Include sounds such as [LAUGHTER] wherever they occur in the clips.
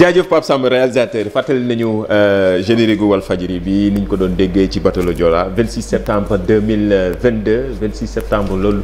jaajëf Pape Samb réalisateur fàttali nañu euh, générique gu Walfadjri bi ni ñu ko doon déggee ci Batalo Joola 26 septembre 2022 26 septembre loolu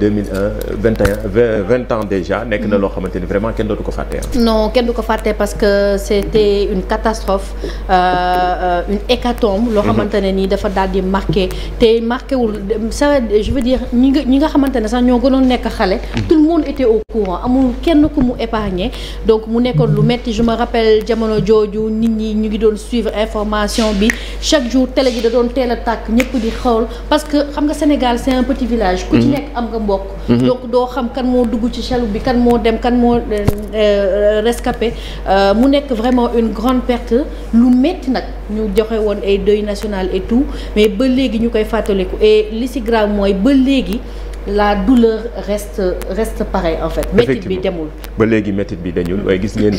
2001 21 20 ans déjà. nekk na loo xamante ni vraiment kenn dootu ko fàtte. non kenn du ko fàtte parce que c'était une catastrophe euh, euh une hécatombe. loo mhm. xamante ne nii dafa daal di marqué te marqué wul ça je veux dire ñi nga ñi nga xamante ne sax ñoo gënoon nekk xale. Mhm. tout le monde était au courant amul kenn ku mu épargné ma jamono jooju nit ñi ñu ngi doon suivre information bi chaque jour télé ji da doon teel a tàkk ñëpp di xool parce que xam nga Sénégal c'est un petit village. ku ci mhm. nekk am nga mbokk. Mhm. donc doo xam kan moo dugg ci chaloupe bi kan moo dem kan moo euh, euh, rescapé euh, mu nekk vraiment une grande perte lu metti nag ñu joxe woon ay deuil national et tout mais ba léegi ñu koy fàttaliku et li si grave mooy ba léegi. la douleur reste reste pareil en fait. métit bi demul ba léegi métit bi dañul waaye gis ngeen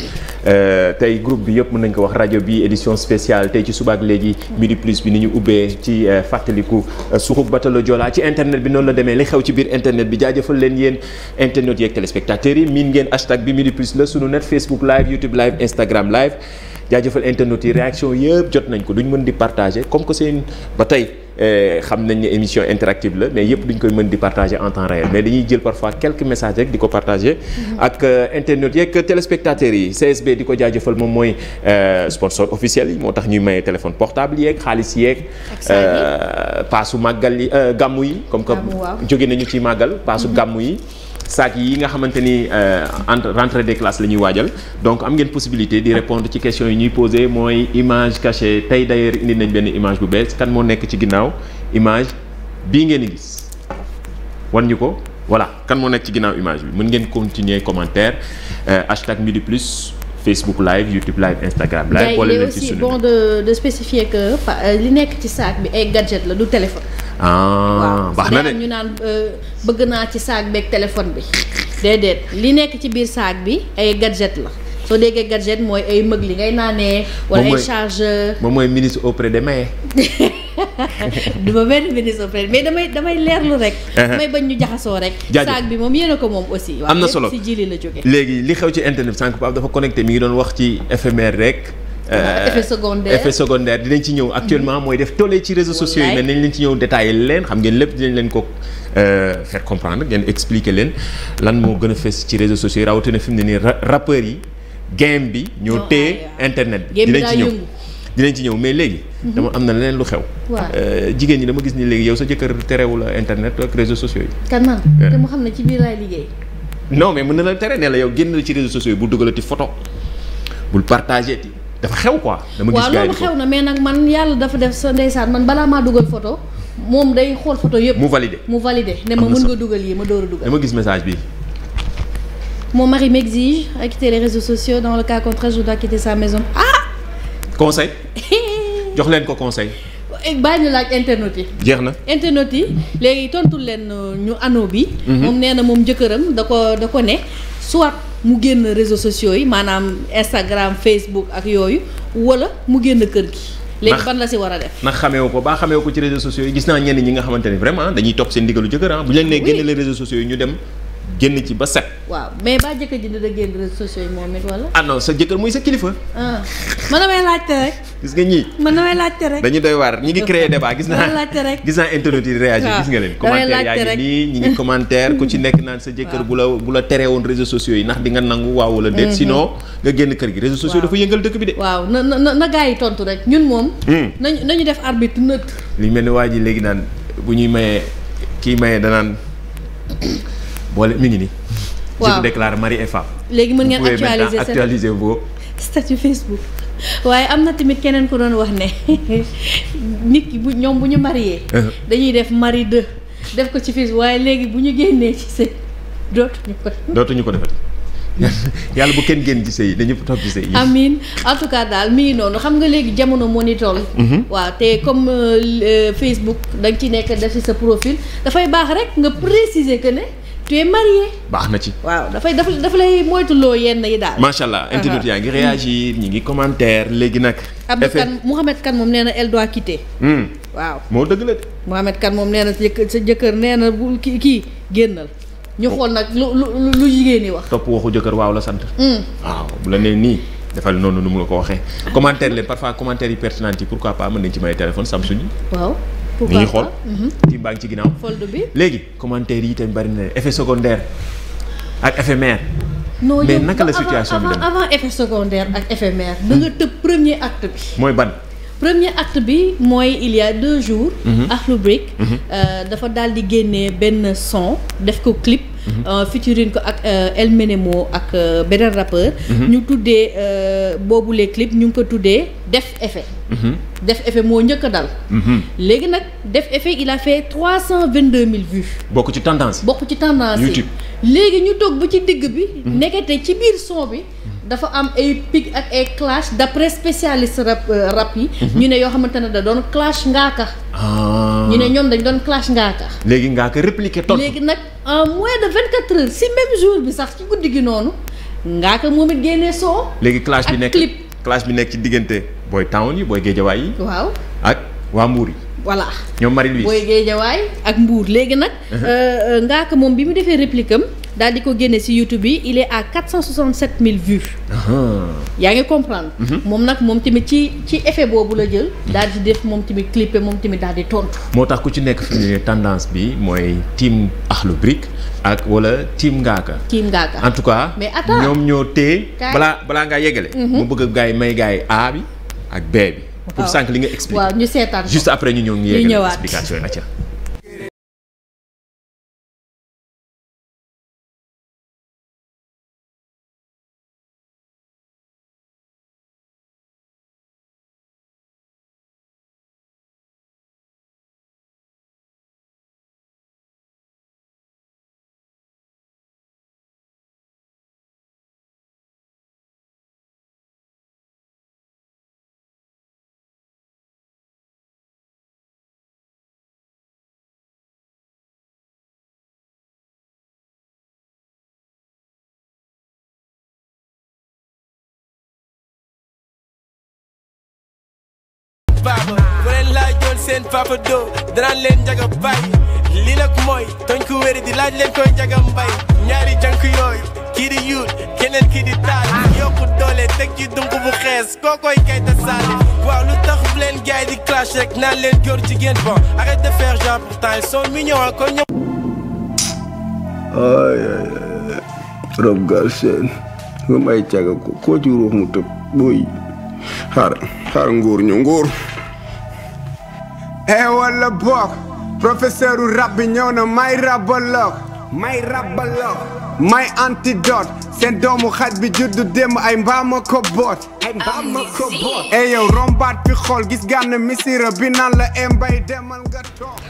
euh, tey groupe bi yëpp mën nañ ko wax rajo bi édition spéciale tey ci subaak léegi. midi plus bi ni ñu ubbee ci euh, fàttaliku euh, suxu batalo Joola ci internet bi noonu la demee li xew ci biir internet bi jaajëfal leen yen internet yeeg téléspectateurs yi miin ngeen hashtag bi midi plus la sunu net Facebook live YouTube live Instagram live. jaajëfal internet yi réaction yëpp jot nañ ko duñ mën di partager comme que seen ba tey eh, xam nañ ne émission interactive la mais yëpp duñ koy mën di partager en temps réel mais dañuy jël parfois quelques messages rek di ko partage mm-hmm. ak euh, internet yeeg téléspectateurs yi CSB di ko jaajëfal moom mooy euh, sponsor officiel yi moo tax ñuy maye téléphone portable yeeg xaalis yeeg. Euh, paasu màggal yi gàmmu yi. comme que joge nañu ci màggal paasu mm-hmm. gàmmu yi. sac yi nga xamante ni euh, entre rentrée des classes la ñuy waajal donc am ngeen possibilité di répondre ci questions yi ñuy posé mooy image cachée tey d'ailleurs indi nañ benn image bu bees kan moo nekk ci ginnaaw image bii ngeen gis wan ñu ko wala kan moo nekk ci ginnaaw image bi mën ngeen continuer commentaire euh, hashtag midi plus Facebook live YouTube live Instagram live. boole leen ci suñu bon de spécifier que euh, li nekk ci sac bi ay gadget la du téléphone. ah baax na de ñu naan euh, bëgg naa ci saag beeg téléphone bi déedéet li nekk ci biir saag bi ay gadget la soo déggee gadget mooy ay mëg li ngay naanee. wala ay chargeur moom mooy ministre auprès des maires. [LAUGHS] du ma benn ministre auprès mais damay damay leerlu rek. Uh-huh. damay bañ ñu jaxasoo rek. saag bi moom yéen a ko moom aussi. am na solo si jili la jógee. léegi li xew ci internet sànq Pape dafa connecté mi ngi doon wax ci éphémère rek. Euh, effet secondaire effet secondaire dinañ ci ñëw actuellement mm-hmm. mooy def tollee ci réseaux sociaux yi mais nañ leen ci ñëw détaillé leen xam ngeen lépp dinañ leen ko euh, faire comprendre ngeen expliquer leen lan moo gën a fees ci réseaux sociaux yi rawatina fi mu ne nii rappeurs yi game bi ñoo oh, téye internet bi dinañ ci ñëw dinañ ci ñëw mais léegi mm-hmm. dama am na leneen lu xew euh, jigéen ñi dama gis ni léegi yow sa jëkkër terewu la internet ak réseaux sociaux yi kan man te mu xam ne ci biir laay liggéey non na la tere ne la yow génn la ci réseaux sociaux yi bu dugalati photo bul partagé ti dafa xew ko dama gis gars yi xew na mais nag man yàlla dafa def sa ndeysaan man balaa maa dugal photo moom day xool photo yëpp. mu validé mu validé ne ma mën nga dugal yi ma door a dugal. dama gis message bi. moo mari m'exige à quitter les réseaux sociaux dans le cas contraire je dois quitter sa maison. ah. conseil [LAUGHS] jox leen ko conseil. Eh, bàyyi ñu laaj internet yi. jeex na internet yi léegi tontu leen euh, ñu anneau bi. Mhm. moom nee na moom jëkkëram da ko da ko ne soit. mu génn réseaux sociaux yi maanaam Instagram Facebook ak yooyu wala mu génn kër gi. léegi ban la si war a def ndax xameewu ko baa xameewu ko ci réseaux sociaux yi gis naa ñenn ñi nga xamante vraiment dañuy topp seen ndigalu jëkkër ah. bu ñu leen nee génne les réseaux sociaux yi ñu dem génn ci ba set. waaw mais ba jëkkër ji dina génn réseaux sociaux yi moom it wala. ah sa jëkkër mooy sa kilifa. Ah. mën na may laajte rek. gis nga ñii. mën na may laajte rek. dañu doy waar ñi ngi créer débat gis naa. laajte rek gis naa internet yi réagir gis nga leen. commentaire yaa nekk naan sa jëkkër bu la bu la teree woon réseaux sociaux yi ndax di nga nangu waaw wala déet. Mhm. sinon nga génn kër gi réseaux sociaux dafa yëngal dëkk bi de. waaw na na na gars yi tontu rek ñun moom. Hmm. nañu nañu def arbitre nët. li mel ni waa ji léegi naan bu ñuy mayee kii mayee danaan boole mi ngi nii. waaw je vous déclare léegi mën ngeen actualiser actualiser vos. statut Facebook waaye am na tamit keneen ko doon wax ne [LAUGHS] nit bu ñoom bu ñu marié. Uh-huh. dañuy def mari deux def ko ci Facebook waaye léegi bu ñu génnee ci sëy dootuñu ko. dootuñu ko defati. [LAUGHS] yàlla bu kenn génn gisee yi dañu toog gisee yi. amiin en tout cas daal mi noonu xam nga léegi jamono moo ni toll. Mm-hmm. waaw te comme euh, euh, Facebook da nga ci nekk def ci sa profil dafay baax rek nga préciser que ne. tu es baax na ci. waaw dafay daf dafa lay moytuloo yenn yi daal. macha allah ah, internet ah. yaa ngi réagir ñi ngi commentaire léegi nag. Abdou Kane Mouhamed kan moom nee na elle doit quitter. Hmm. waaw moo dëgg la de. Mouhamed kan moom nee na sa jëkkër nee na bu kii kii génnal. ñu xool nag lu lu lu jigéen wax. topp waxu jëkkër waaw la sant. Hmm. waaw bu la nee nii. defal noonu nu mu nga ko waxee. commentaire leen parfois commentaire yi pertinent yi pourquoi pas mën nañ ci may téléphone pourquoi ngi xool. team mhm. baa ngi ci ginnaaw. fold bi léegi commentaire yi tamit bari na effet secondaire ak éphémère. non mais naka la situation bi demee avant effet secondaire ak éphémère. da nga tëb premier acte bi. mooy ban. premier acte bi mooy il y a deux jours. Mhm. Akhlou mhm. euh, dafa daal di génnee benn son def ko clip. Mhm. Euh, featuring ko ak euh, El Menemo ak beneen rappeur. ñu tuddee boobu boobule clip ñu ngi ko tuddee def effet. def effet moo njëkk a dal. léegi nag def effet il a fait cent vingt deux mille vues. bokk ci tendance bokk ci tendance yi. léegi ñu toog ba ci digg bi. nekkete ci biir son bi. dafa am ay pic ak ay clash d'après spécialiste rap euh, rap yi. Mhm. ñu ne yoo xamante ne da doon clash ngaaka. Ah. ñu ne ñoom dañ doon clash ngaaka. léegi ngaaka répliqué tontu léegi nag en moins de 24 heures si même noonu ngaaka moom it génnee soo. léegi clash bi nekk clip clash bi nekk ci diggante booy town yi booy géejawaay yi. waaw ak waa Mbuur yi. voilà ñoom Marie Louise booy géejawaay ak Mbuur léegi nag. Uh-huh. Euh, euh, ngaaka moom bi mu defee réplique am daal di ko génne si YouTube bi il est à 467 000 vues. Uh-huh. yaa ngi comprendre. Mm-hmm. moom nag moom tamit ci ci effet boobu la jël. Mm-hmm. daal di def moom tamit clipé moom tamit daal di tontu. moo tax ku ci nekk fi ne tendance bi mooy team Akhlou Brick ak wala team Ngaaka. team Ngaaka en tout cas. mais attends ñoom ñoo téye. balaa balaa ngaa yegale. Mm-hmm. mu bëgg gaay may gaay A bi ak B bi. pour sànq li nga expliqué. waaw ñu seetaan juste après ñu ñëw ñu yegale explication yi baaba bu leen laajoon seen papa doo danaan leen njaga bay lii nag mooy tooñ ku wéri di laaj leen koy njaga mbay ñaari jank yooyu kii di yuut keneen kii di taal yokku doole teg ci dungu bu xees kookoy kayta saali waaw lu tax bu leen gaay di clash rek naan leen góor jigéen bon arrête de faire genre pourtant ils sont mignons ko ñëw ay rob gaal nga may caga koo ci ruux mu tëb booy xaar xaar nguur ñu nguur eh wala boog professeur u rab bi ñëw na may rabaloog may rabaloog may antidote seen doomu xaj bi juddu démb ay mbaama boot ay mbaama boot eh yow rombaat bi xool gis gànn misira bi naan la eh mbay demal nga toog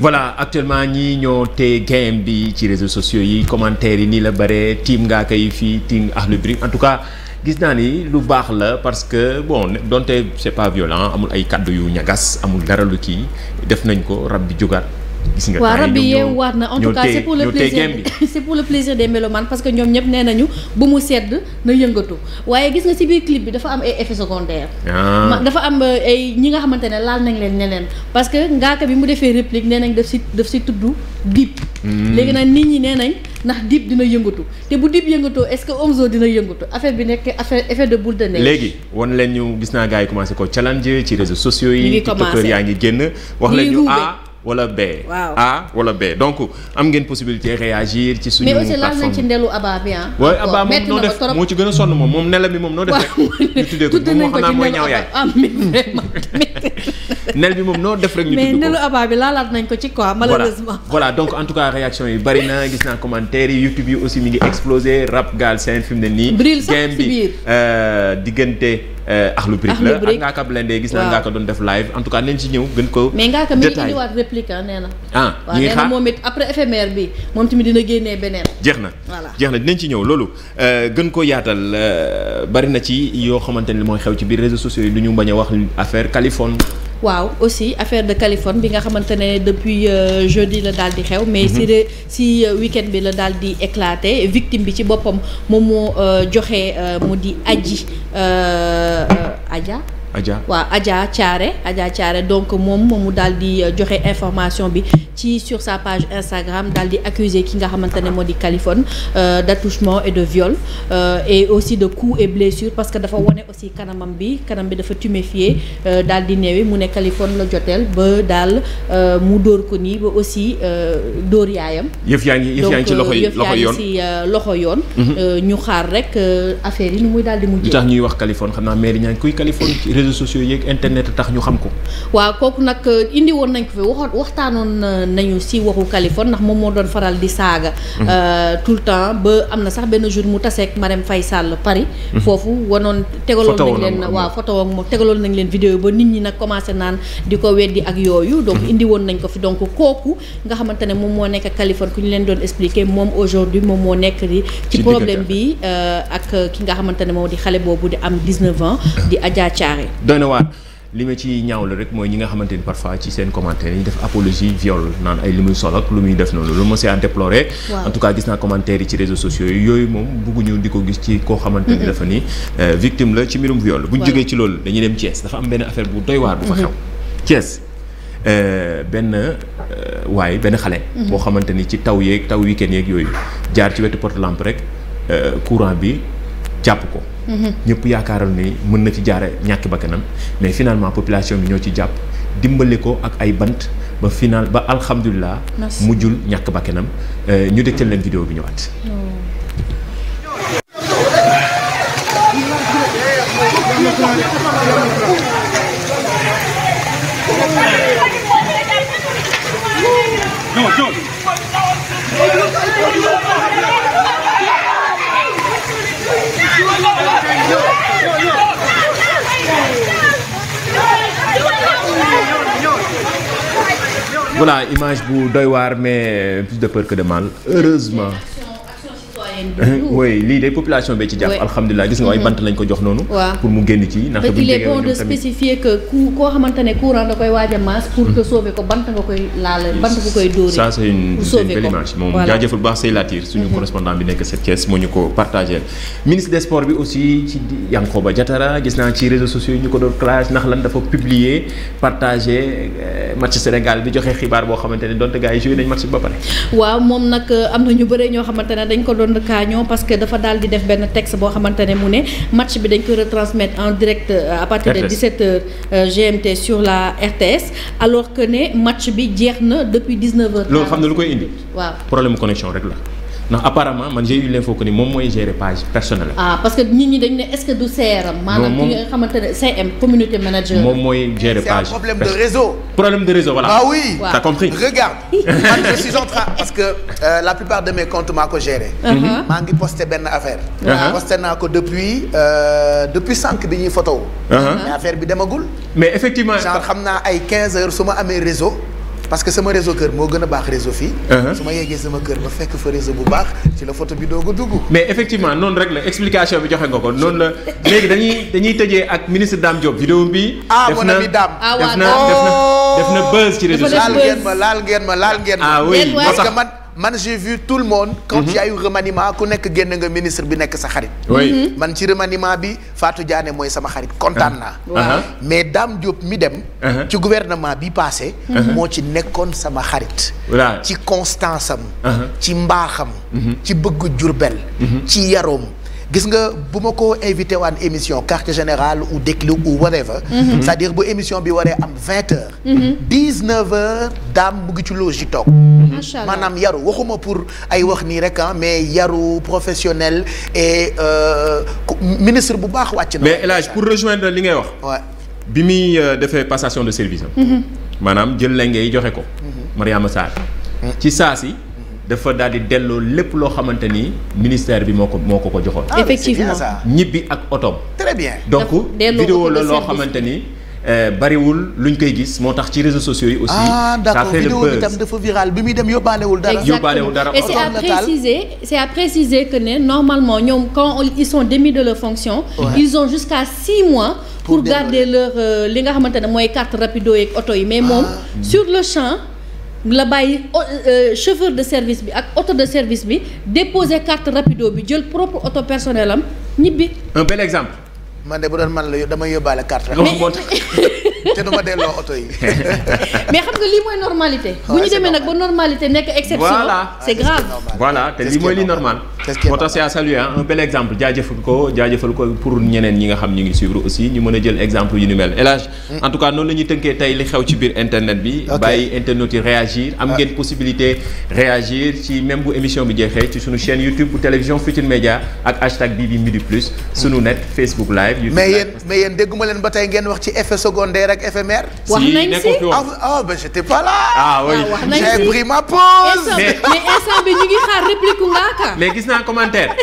voilà actuellement ñii ñoo te game bi ci réseaux sociaux yi commentaires yi nii la bare team ngaa koy fii team Akhlou Brick en tout cas gis naa ni lu baax la parce que bon donte c'est pas violent amul ay kàddu yu ñagas amul dara lu kii def nañ ko rab bi jógaat gis nga waa rab bi yeewaat na en tout cas [LAUGHS] c'est pour le plaisir c'est pour parce que ñoom ñëpp nee nañu bu mu sedd na yëngatu waaye gis nga ci biir clip bi dafa am ay effet secondaire ah. dafa am euh, ay ñi nga xamante ne laal nañ leen neneen parce que ngaaka bi mu defee réplique nee nañ daf ci daf ci tudd dib hmm. léegi nag nit ñi nee nañ ndax dib dina yëngatu te bu dib yëngatoo est-ce que Omzo dina yëngatu affaire bi nekk affaire effet de boule de neige léegi wan leen ñu gis naa gars yi commencé yaa ngi génn wax leen ñu ah wala B. waaw A wala B donc am ngeen possibilité réagir ci suñu. mais aussi laal nañ ci ndelu Abba bi am ah? waaw métti na ko moo ci gën sonn moom moom nela bi moom noo def rek. ñu tuddee ko moom wax naa mooy bi moom noo def rek ñu tudd ko nañ ko ci quoi malheureusement. voilà donc en tout cas réaction yi bari na gis naa commentaire yi YouTube yi aussi mi ngi explosé rap Galsen fi mu ne nii. bril sax game bi euh, diggante. Eh, Akhlou Brick la ak leen Blindé gis naa Ngaaka doon def live en tout cas nañ ci ñëw gën ko mais Ngaaka mi ngi indiwaat réplique ah, nee na ah ñu ngi xaar moom it après éphémère bi moom tamit dina génnee beneen jeex na voilà jeex na dinañ ci ñëw loolu eh, gën ko yaatal eh, bari na ci yoo xamante ne mooy xew ci biir réseaux sociaux yi du ñu bañ a wax affaire kalifon waaw aussi affaire de Californie bi nga xamante ne depuis euh, jeudi la daal di xew. mais mhm. si de si euh, week bi la daal di éclaté victime bi ci boppam moom moo euh, joxe mu di aji aja Adja waaw Adja Thiaré Adja Thiaré donc moom mu daal di euh, joxe information bi ci sur sa page Instagram daal di accuser ki nga xamante ne moo di Kaliphone euh, d'attouchement et de viol euh, et aussi de coups et blessures parce que dafa wone aussi kanamam bi kanam bi dafa tuméfié daal di néewi mu ne Kaliphone la joteel ba daal mu dóor ko nii ba aussi dóor yaayam. yëf yaa ngi yëf yaa ngi ci loxo yoon mhm. ñu xaar rek affaire yi nu muy daal di mujjee. li tax ñuy wax Kaliphone xam naa mairie ñaa réseaux sociaux yeeg internet tax ñu xam ko. waaw kooku nag euh, indi woon nañ ko fi waxoon waxtaanoon euh, nañu si waxu Kaliphone ndax moom moo doon faral di saaga. Mhm. Euh, tout le temps ba am na sax benn jour mu taseeg Marème Faye Sall Paris. Mhm. foofu wanoon tegaloon nañ leen waaw photo ak moom tegaloon nañ leen vidéo ba nit ñi nag commencé naan di ko weddi ak yooyu. Mhm. donc indi woon nañ ko fi donc kooku nga xamante ne moom moo nekk Kaliphone ku ñu leen doon expliquer moom aujourd'hui moom moo nekk di. ci problème bi ak ki nga xamante ne moom di xale boobu di am 19 [COUGHS] doy na waar li ma ci ñaawlu rek mooy ñi nga xamante ni parfois ci seen commentaire yi ñu def apologie viol naan ay lu muy sol ak lu muy def noonu lu ma c'est à déplorer en tout cas gis naa commentaire yi ci réseaux sociaux yi yooyu moom bëgguñu di ko gis ci koo xamante ni dafa ni euh, victime la ci mbirum bu ñu jógee ci loolu dañuy dem Thiès dafa am benn affaire bu doy waar bu fa mm-hmm. xew Thiès euh, benn euh, waaye benn xale mm-hmm. boo xamante ni ci taw yeeg taw week-end yeeg yooyu jaar ci wetu porte lampe rek courant bi jàpp ko. ñëpp yaakaaral ni mën na ci jaare ñàkk bakkanam mais finalement population bi ñoo ci jàpp dimbali ko ak ay bant ba final ba alhamdulilah. mujjul ñàkk bakkanam euh, ñu dégtal leen vidéo bi ñëwaat. non voilà image bu doy waar mais plus de peur que de mal heureusement leen. Eh, oui lii de population bee ci jàpp. alhamdulilah gis nga ay mm-hmm. bant lañ ko jox noonu. pour mu génn ci ndax. bu ñu il est mm-hmm. ko bant nga koy laal bant nga koy dóoree. ça c'est une belle image moom jaajëfal baax say latir suñu mm-hmm. correspondant bi nekk Sèye Thiès moo ñu ko partagé. ministre des sports bi aussi ci Yankoba Diatara gis naa ci réseaux sociaux yi ñu ko doon clash ndax lan dafa publier partagé eh, match Sénégal bi joxe xibaar boo xamante ne donte gars yi gaañoo parce que dafa daal di def benn texte boo xamante ne mu ne match bi dañ ko retransmettre en direct euh, à partir de 17 heures euh, GMT sur la RTS alors que ne match bi jeex na depuis 19 heures loolu xam na lu koy indi waaw problème connexion rek la non apparemment man j'ai eu l'info ni moom mooy gérer page personnelle. ah parce que nit ñi dañ ne est du CRM. maanaam ki nga xamante ne CM community manager. moom mooy gérer page. c'est un problème de réseau. problème de réseau voilà. ah oui t'as compris. regarde [LAUGHS] je suis en parce que euh, la plupart de mes comptes maa ko géré. Uh-huh. Mm-hmm. maa ngi posté benn affaire. Uh-huh. posté naa ko depuis euh, depuis sànq bi ñuy photo uh-huh. mais affaire bi demagul. mais effectivement genre xam naa ay quinze heures su ma amee réseau. parce que sama réseau kër moo gën a baax réseau fi uh-huh. su ma yeggee sama kër ba fekk fa réseau bu baax ci la photo bi doog a dugg. mais effectivement noonu rek la explication bi joxe nga ko noonu la léegi dañuy dañuy tëjee ak ministre Dame Diop. vidéo bi ah, ah, def na ah def na def na buzz ci réseau. laal ngeen ma laal ngeen ma laal ngeen ma. ah oui parce que man. man j'ai vu tout le monde. quand mhm. il y a ku nekk génn nga ministre bi nekk sa xarit. oui mhm. Mhm. man ci remaniement bi faatu Diané mooy sama xarit kontaan ah. naa. mais daam Diop mi dem. Ah. ci gouvernement bi passé. Ah. moo ci nekkoon sama xarit. ci constance am. ci mbaaxam. ci bëgg Jurbel. ci yaroom. gis nga bu ma ko invité waan émission quartier général ou déclic ou whatever mhm. c'est-à-dire bu émission bi waree am vingt heures mhm. dix neuf heures daam mu ngi ci loge yi toog mhm. maanaam yaru waxuma pour ay wax nii rek ah mais yaru professionnel et euh, ministre bu baax wàcc na mais El pour rejoindre li ngay wax bi muy euh, defee passation de service maanaam jël lenge yi joxe ko Mariama Sarr ci saa si dafa daal di delloo lépp loo xamante ni ministère bi moo ko moo ko ko joxoon. Ah, effectivement ñibbi ak otoom. très bien donc vidéo loo xamante ni. Euh, bariwul luñ koy gis moo tax ci réseaux sociaux yi aussi. ah bi tam dafa bi muy dem yóbbaalewul dara. yóbbaalewul dara et c'est que ne normalement ñoom quand ils sont démis de leur fonction. ils ont jusqu'à six mois. pour euh, li nga xamante ne mooy carte oto yi mais ah. moom mm. sur le champ. la bàyyi euh, chauffeur de service bi ak auto de service bi déposer carte rapido bi jël propre auto personnel am ñibbi. un bel exemple. man de bu doon man la damay yóbbaale carte [LAUGHS] te du ma delloo oto yi. [LAUGHS] mais xam nga lii mooy normalité. [LAUGHS] bu ñu demee nag ba normalité nekk exception. voilà c'est grave. voilà te lii mooy lii normal. moo tax c'est à saluer un bel exemple jaajëfal ko jaajëfal ko pour ñeneen ñi nga xam ñu ngi suivre aussi ñu mën a jël exemple yu ni mel Elage mm. en tout cas noonu la ñuy tënkee tey li xew ci biir internet bi bàyyi internet réagir am ah. ngeen possibilité réagir ci même bu émission bi jeexee ci suñu chaîne YouTube bu télévision Futur Média ak hashtag bii bi midi plus suñu mm. net Facebook live YouTube mais yéen mais dégguma leen ba tey ngeen wax ci effet secondaire ak éphémère ah, ah, ma pause naa commentaire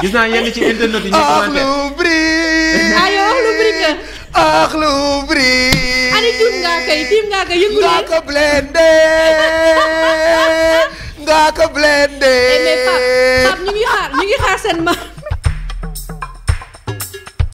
gis naa yenn ci internet yi ñuy commentaire. Akhlou Brick. allo ah, Akhlou Brick. Akhlou Brick. ani tuut ngaa koy tiim ngaa koy yëngu ngaa ko blende [LAUGHS] ngaa ko blende. Eh, mais Pape Pape ñu ngi xaar ñu ngi xaar seen ma.